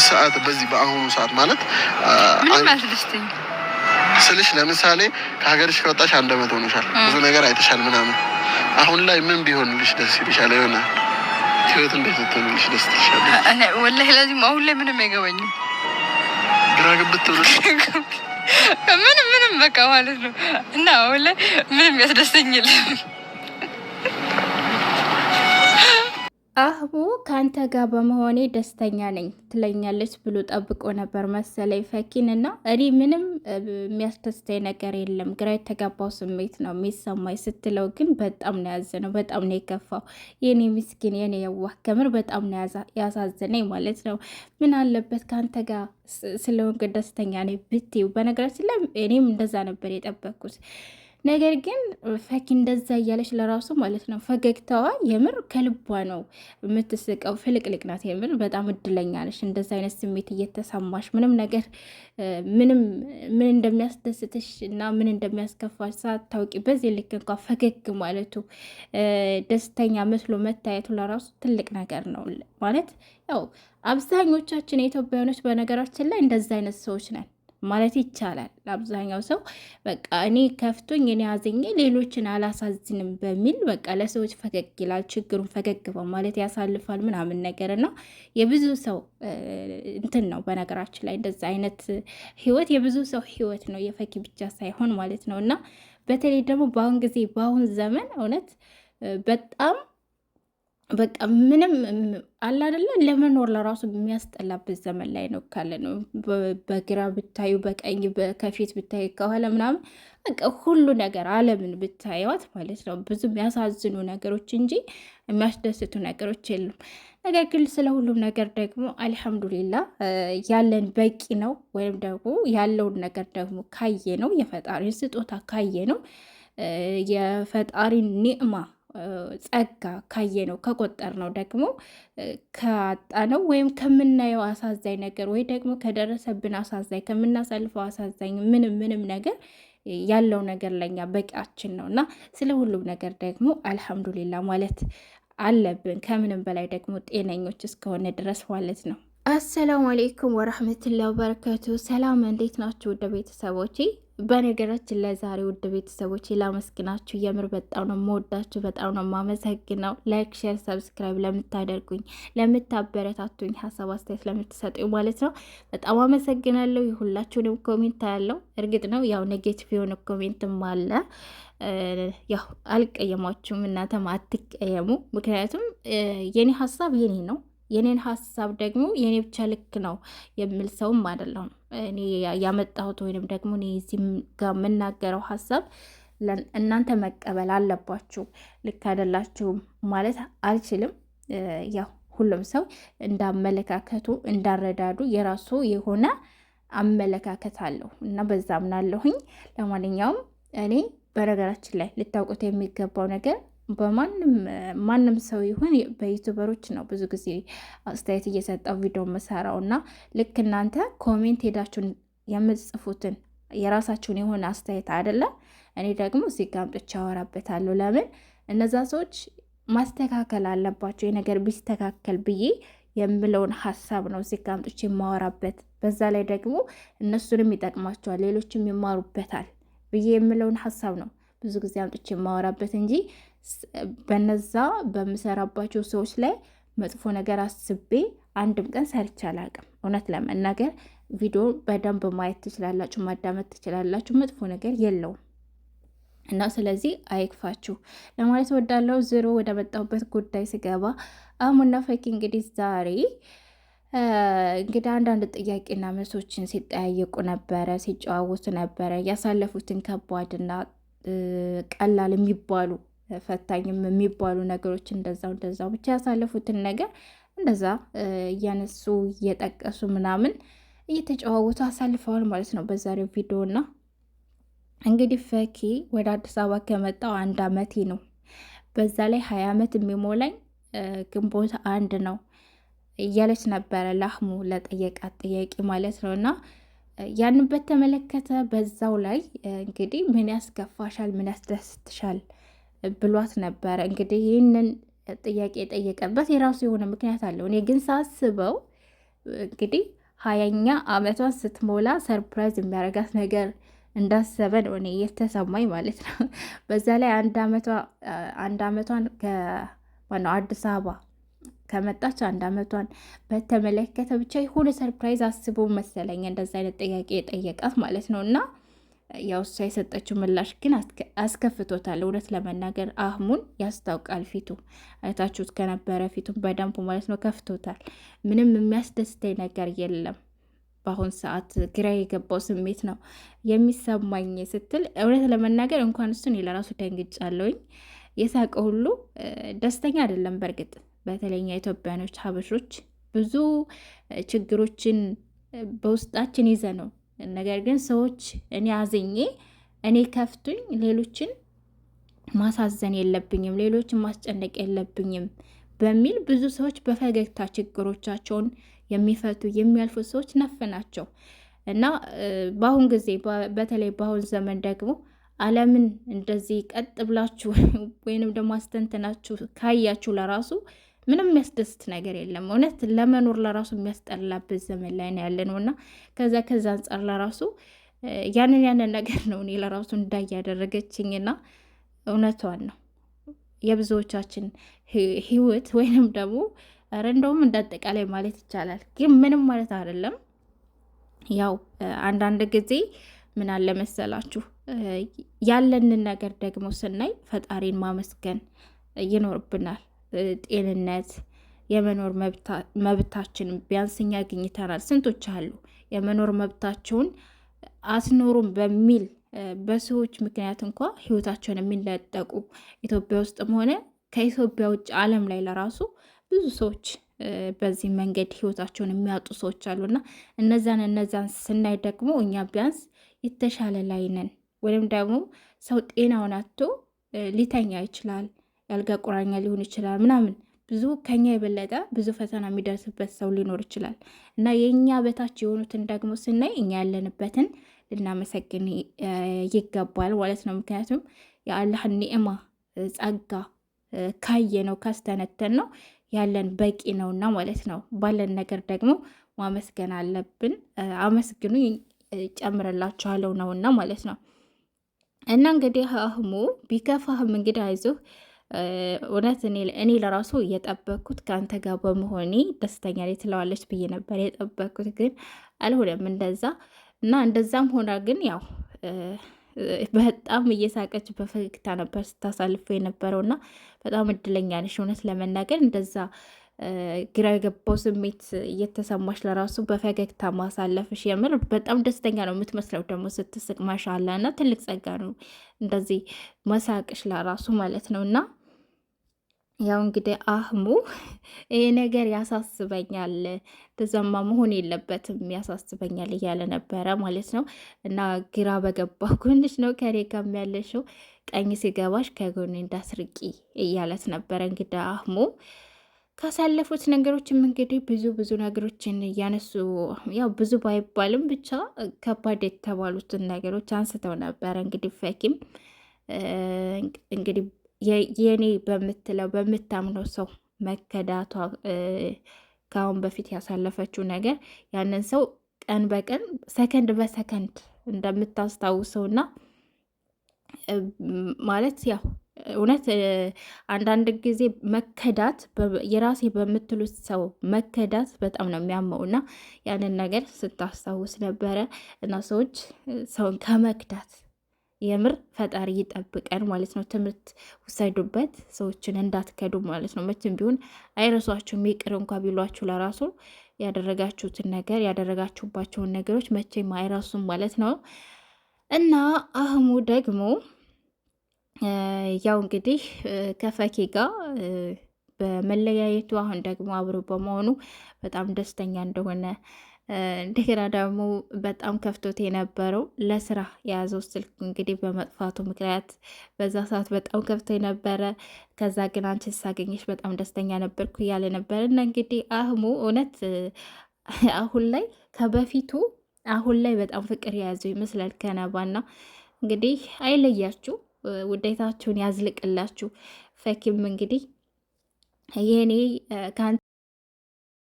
በዚህ ሰዓት በዚህ በአሁኑ ሰዓት ማለት ስልሽ ለምሳሌ ከሀገርሽ ከወጣሽ አንድ አመት ሆኖሻል። ብዙ ነገር አይተሻል ምናምን። አሁን ላይ ምን ቢሆንልሽ ደስ ይልሻል? የሆነ ህይወት እንዴት ትሆንልሽ ደስ ይልሻል? ወላሂ ለዚህም አሁን ላይ ምንም አይገባኝም። ግራ ግብት ምንም ምንም በቃ ማለት ነው እና አሁን ላይ ምንም ያስደስተኛል አህቡ ከአንተ ጋር በመሆኔ ደስተኛ ነኝ ትለኛለች ብሎ ጠብቆ ነበር መሰለኝ ፈኪን እና እኔ ምንም የሚያስደስተኝ ነገር የለም ግራ የተጋባው ስሜት ነው የሚሰማኝ ስትለው ግን በጣም ነው ያዘነው በጣም ነው የከፋው የኔ ምስኪን የኔ የዋህ ከምር በጣም ነው ያሳዘነኝ ማለት ነው ምን አለበት ከአንተ ጋር ስለሆንክ ደስተኛ ነኝ ብትይው በነገራችን ላይ እኔም እንደዛ ነበር የጠበቅኩት ነገር ግን ፈኪ እንደዛ እያለች ለራሱ ማለት ነው ፈገግታዋ የምር ከልቧ ነው የምትስቀው። ፍልቅልቅ ናት የምር በጣም እድለኛ ነች። እንደዛ አይነት ስሜት እየተሰማሽ ምንም ነገር ምንም ምን እንደሚያስደስትሽ እና ምን እንደሚያስከፋሽ ሳታውቂ በዚህ ልክ እንኳ ፈገግ ማለቱ ደስተኛ መስሎ መታየቱ ለራሱ ትልቅ ነገር ነው ማለት ያው አብዛኞቻችን የኢትዮጵያኖች በነገራችን ላይ እንደዛ አይነት ሰዎች ነን። ማለት ይቻላል። ለአብዛኛው ሰው በቃ እኔ ከፍቶኝ እኔ አዝኜ ሌሎችን አላሳዝንም በሚል በቃ ለሰዎች ፈገግ ይላል፣ ችግሩን ፈገግ በማለት ያሳልፋል ምናምን ነገር እና የብዙ ሰው እንትን ነው። በነገራችን ላይ እንደዚ አይነት ህይወት የብዙ ሰው ህይወት ነው፣ የፈኪ ብቻ ሳይሆን ማለት ነው። እና በተለይ ደግሞ በአሁን ጊዜ በአሁን ዘመን እውነት በጣም በቃ ምንም አለ አደለ ለመኖር ለራሱ የሚያስጠላበት ዘመን ላይ ነው ካለ ነው። በግራ ብታዩ፣ በቀኝ ከፊት ብታዩ፣ ከኋላ ምናምን በቃ ሁሉ ነገር አለምን ብታየዋት ማለት ነው ብዙ የሚያሳዝኑ ነገሮች እንጂ የሚያስደስቱ ነገሮች የሉም። ነገር ግን ስለ ሁሉም ነገር ደግሞ አልሐምዱሊላ ያለን በቂ ነው። ወይም ደግሞ ያለውን ነገር ደግሞ ካየ ነው የፈጣሪን ስጦታ ካየ ነው የፈጣሪን ኒዕማ ጸጋ ከቆጠር ነው ደግሞ ነው ወይም ከምናየው አሳዛኝ ነገር ወይ ደግሞ ከደረሰብን አሳዛኝ ከምናሳልፈው አሳዛኝ ምንም ምንም ነገር ያለው ነገር ለኛ በቂያችን ነው እና ስለ ሁሉም ነገር ደግሞ አልሐምዱሊላ ማለት አለብን። ከምንም በላይ ደግሞ ጤነኞች እስከሆነ ድረስ ማለት ነው። አሰላሙ አሌይኩም ወረሐመቱላ ወበረከቱ። ሰላም እንዴት ናችሁ? ወደ ቤተሰቦቼ በነገራችን ላይ ዛሬ ውድ ቤተሰቦች ላመስግናችሁ። የምር በጣም ነው መወዳችሁ፣ በጣም ነው ማመሰግነው። ላይክ፣ ሼር፣ ሰብስክራይብ ለምታደርጉኝ፣ ለምታበረታቱኝ፣ ሀሳብ አስተያየት ለምትሰጡኝ ማለት ነው በጣም አመሰግናለሁ። የሁላችሁንም ኮሜንት ያለው እርግጥ ነው ያው ኔጌቲቭ የሆነ ኮሜንትም አለ። ያው አልቀየማችሁም፣ እናንተም አትቀየሙ። ምክንያቱም የኔ ሀሳብ የኔ ነው። የኔን ሀሳብ ደግሞ የኔ ብቻ ልክ ነው የምል ሰውም አይደለሁም። እኔ ያመጣሁት ወይንም ደግሞ እኔ እዚህ ጋር የምናገረው ሀሳብ እናንተ መቀበል አለባችሁ። ልክ አይደላችሁም ማለት አልችልም። ያው ሁሉም ሰው እንዳመለካከቱ እንዳረዳዱ የራሱ የሆነ አመለካከት አለው እና በዛ አምናለሁኝ። ለማንኛውም እኔ በነገራችን ላይ ልታውቁት የሚገባው ነገር በማንም ማንም ሰው ይሁን በዩቱበሮች ነው ብዙ ጊዜ አስተያየት እየሰጠው ቪዲዮ መሰራው እና ልክ እናንተ ኮሜንት ሄዳችሁን የምጽፉትን የራሳችሁን የሆነ አስተያየት አይደለም። እኔ ደግሞ እዚህ ጋ አምጥቼ አወራበታለሁ። ለምን እነዛ ሰዎች ማስተካከል አለባቸው የነገር ቢስተካከል ብዬ የምለውን ሀሳብ ነው እዚህ ጋ አምጥቼ የማወራበት። በዛ ላይ ደግሞ እነሱንም ይጠቅማቸዋል፣ ሌሎችም ይማሩበታል ብዬ የምለውን ሀሳብ ነው ብዙ ጊዜ አምጥቼ የማወራበት እንጂ በነዛ በምሰራባቸው ሰዎች ላይ መጥፎ ነገር አስቤ አንድም ቀን ሰርቼ አላቅም። እውነት ለመናገር ቪዲዮ በደንብ ማየት ትችላላችሁ፣ ማዳመጥ ትችላላችሁ። መጥፎ ነገር የለውም እና ስለዚህ አይክፋችሁ ለማለት ወዳለው ዝሮ ወደ መጣሁበት ጉዳይ ስገባ አህሙና ፈኪ እንግዲህ ዛሬ እንግዲህ አንዳንድ ጥያቄና መልሶችን ሲጠያየቁ ነበረ፣ ሲጨዋወቱ ነበረ። ያሳለፉትን ከባድና ቀላል የሚባሉ ፈታኝም የሚባሉ ነገሮች እንደዛው እንደዛው ብቻ ያሳለፉትን ነገር እንደዛ እያነሱ እየጠቀሱ ምናምን እየተጨዋወቱ አሳልፈዋል ማለት ነው በዛሬው ቪዲዮ እና እንግዲህ ፈኪ ወደ አዲስ አበባ ከመጣው አንድ አመቴ ነው። በዛ ላይ ሀያ አመት የሚሞላኝ ግንቦት አንድ ነው እያለች ነበረ ላህሙ ለጠየቃት ጥያቄ ማለት ነው እና ያንን በተመለከተ በዛው ላይ እንግዲህ ምን ያስከፋሻል፣ ምን ያስደስትሻል ብሏት ነበረ። እንግዲህ ይህንን ጥያቄ የጠየቀበት የራሱ የሆነ ምክንያት አለው። እኔ ግን ሳስበው እንግዲህ ሀያኛ አመቷን ስትሞላ ሰርፕራይዝ የሚያደርጋት ነገር እንዳሰበ ነው እኔ የተሰማኝ ማለት ነው። በዛ ላይ አንድ አመቷን ከዋናው አዲስ አበባ ከመጣች አንድ አመቷን በተመለከተ ብቻ የሆነ ሰርፕራይዝ አስቦ መሰለኝ እንደዚ አይነት ጥያቄ የጠየቃት ማለት ነው እና ያው እሷ የሰጠችው ምላሽ ግን አስከፍቶታል። እውነት ለመናገር አህሙን ያስታውቃል። ፊቱ አይታችሁት ከነበረ ፊቱን በደንቡ ማለት ነው ከፍቶታል። ምንም የሚያስደስተኝ ነገር የለም። በአሁን ሰዓት ግራ የገባው ስሜት ነው የሚሰማኝ ስትል እውነት ለመናገር እንኳን እሱን ለራሱ ደንግጫለሁኝ። የሳቀ ሁሉ ደስተኛ አይደለም። በእርግጥ በተለይ ኢትዮጵያኖች ሀበሾች ብዙ ችግሮችን በውስጣችን ይዘ ነው ነገር ግን ሰዎች እኔ አዝኜ እኔ ከፍቱኝ ሌሎችን ማሳዘን የለብኝም፣ ሌሎችን ማስጨነቅ የለብኝም በሚል ብዙ ሰዎች በፈገግታ ችግሮቻቸውን የሚፈቱ የሚያልፉ ሰዎች ነፍ ናቸው እና በአሁን ጊዜ በተለይ በአሁን ዘመን ደግሞ ዓለምን እንደዚህ ቀጥ ብላችሁ ወይንም ደግሞ አስተንትናችሁ ካያችሁ ለራሱ ምንም የሚያስደስት ነገር የለም። እውነት ለመኖር ለራሱ የሚያስጠላበት ዘመን ላይ ነው ያለ ነው እና ከዛ ከዛ አንጻር ለራሱ ያንን ያንን ነገር ነው እኔ ለራሱ እንዳያደረገችኝና እውነቷን ነው የብዙዎቻችን ህይወት ወይንም ደግሞ ኧረ እንደውም እንዳጠቃላይ ማለት ይቻላል። ግን ምንም ማለት አይደለም። ያው አንዳንድ ጊዜ ምን አለ መሰላችሁ ያለንን ነገር ደግሞ ስናይ ፈጣሪን ማመስገን ይኖርብናል። ጤንነት፣ የመኖር መብታችን ቢያንስ እኛ አግኝተናል። ስንቶች አሉ የመኖር መብታቸውን አስኖሩም በሚል በሰዎች ምክንያት እንኳ ህይወታቸውን የሚለጠቁ ኢትዮጵያ ውስጥም ሆነ ከኢትዮጵያ ውጭ ዓለም ላይ ለራሱ ብዙ ሰዎች በዚህ መንገድ ህይወታቸውን የሚያጡ ሰዎች አሉና እነዛን እነዛን ስናይ ደግሞ እኛ ቢያንስ የተሻለ ላይ ነን። ወይም ደግሞ ሰው ጤናውን አጥቶ ሊተኛ ይችላል። የአልጋ ቁራኛ ሊሆን ይችላል ምናምን ብዙ ከኛ የበለጠ ብዙ ፈተና የሚደርስበት ሰው ሊኖር ይችላል እና የእኛ በታች የሆኑትን ደግሞ ስናይ እኛ ያለንበትን ልናመሰግን ይገባል ማለት ነው። ምክንያቱም የአላህን ኒዕማ ጸጋ ካየ ነው ካስተነተን ነው ያለን በቂ ነውና ማለት ነው። ባለን ነገር ደግሞ ማመስገን አለብን። አመስግኑ ጨምረላችኋለሁ ነውና ማለት ነው። እና እንግዲህ አህሙ ቢከፋህም እንግዲህ አይዞህ እውነት እኔ ለራሱ እየጠበኩት ከአንተ ጋር በመሆኔ ደስተኛ ላይ ትለዋለች ብዬ ነበር የጠበኩት ግን አልሆነም እንደዛ እና እንደዛም ሆና ግን ያው በጣም እየሳቀች በፈገግታ ነበር ስታሳልፈው የነበረው እና በጣም እድለኛ ነሽ እውነት ለመናገር እንደዛ ግራ የገባው ስሜት እየተሰማሽ ለራሱ በፈገግታ ማሳለፍሽ የምር በጣም ደስተኛ ነው የምትመስለው። ደግሞ ስትስቅ ማሻላ እና ትልቅ ጸጋ ነው እንደዚህ መሳቅሽ ለራሱ ማለት ነው እና ያው እንግዲህ አህሙ ይሄ ነገር ያሳስበኛል፣ ተዘማ መሆን የለበትም ያሳስበኛል እያለ ነበረ ማለት ነው። እና ግራ በገባ ጎንሽ ነው ከኔ ጋርም ያለሽው ቀኝ ሲገባሽ ከጎን እንዳስርቂ እያለት ነበረ። እንግዲህ አህሙ ካሳለፉት ነገሮችም እንግዲህ ብዙ ብዙ ነገሮችን እያነሱ ያው ብዙ ባይባልም ብቻ ከባድ የተባሉትን ነገሮች አንስተው ነበረ እንግዲህ ፈኪም እንግዲህ የኔ በምትለው በምታምነው ሰው መከዳቷ ከአሁን በፊት ያሳለፈችው ነገር ያንን ሰው ቀን በቀን ሰከንድ በሰከንድ እንደምታስታውሰው እና ማለት ያው እውነት አንዳንድ ጊዜ መከዳት የራሴ በምትሉት ሰው መከዳት በጣም ነው የሚያመው እና ያንን ነገር ስታስታውስ ነበረ እና ሰዎች ሰውን ከመክዳት የምር ፈጣሪ ይጠብቀን ማለት ነው። ትምህርት ውሰዱበት፣ ሰዎችን እንዳትከዱ ማለት ነው። መቼም ቢሆን አይረሷችሁም። ይቅር እንኳ ቢሏችሁ ለራሱ ያደረጋችሁትን ነገር ያደረጋችሁባቸውን ነገሮች መቼም አይረሱም ማለት ነው እና አህሙ ደግሞ ያው እንግዲህ ከፈኪ ጋር በመለያየቱ አሁን ደግሞ አብሮ በመሆኑ በጣም ደስተኛ እንደሆነ እንደገና ደግሞ በጣም ከፍቶት የነበረው ለስራ የያዘው ስልክ እንግዲህ በመጥፋቱ ምክንያት በዛ ሰዓት በጣም ከፍቶ የነበረ። ከዛ ግን አንቺ ሳገኘሽ በጣም ደስተኛ ነበርኩ እያለ ነበር እና እንግዲህ አህሙ እውነት አሁን ላይ ከበፊቱ አሁን ላይ በጣም ፍቅር የያዘው ይመስላል ከነባና እንግዲህ አይለያችሁ፣ ውዴታችሁን ያዝልቅላችሁ። ፈኪም እንግዲህ የኔ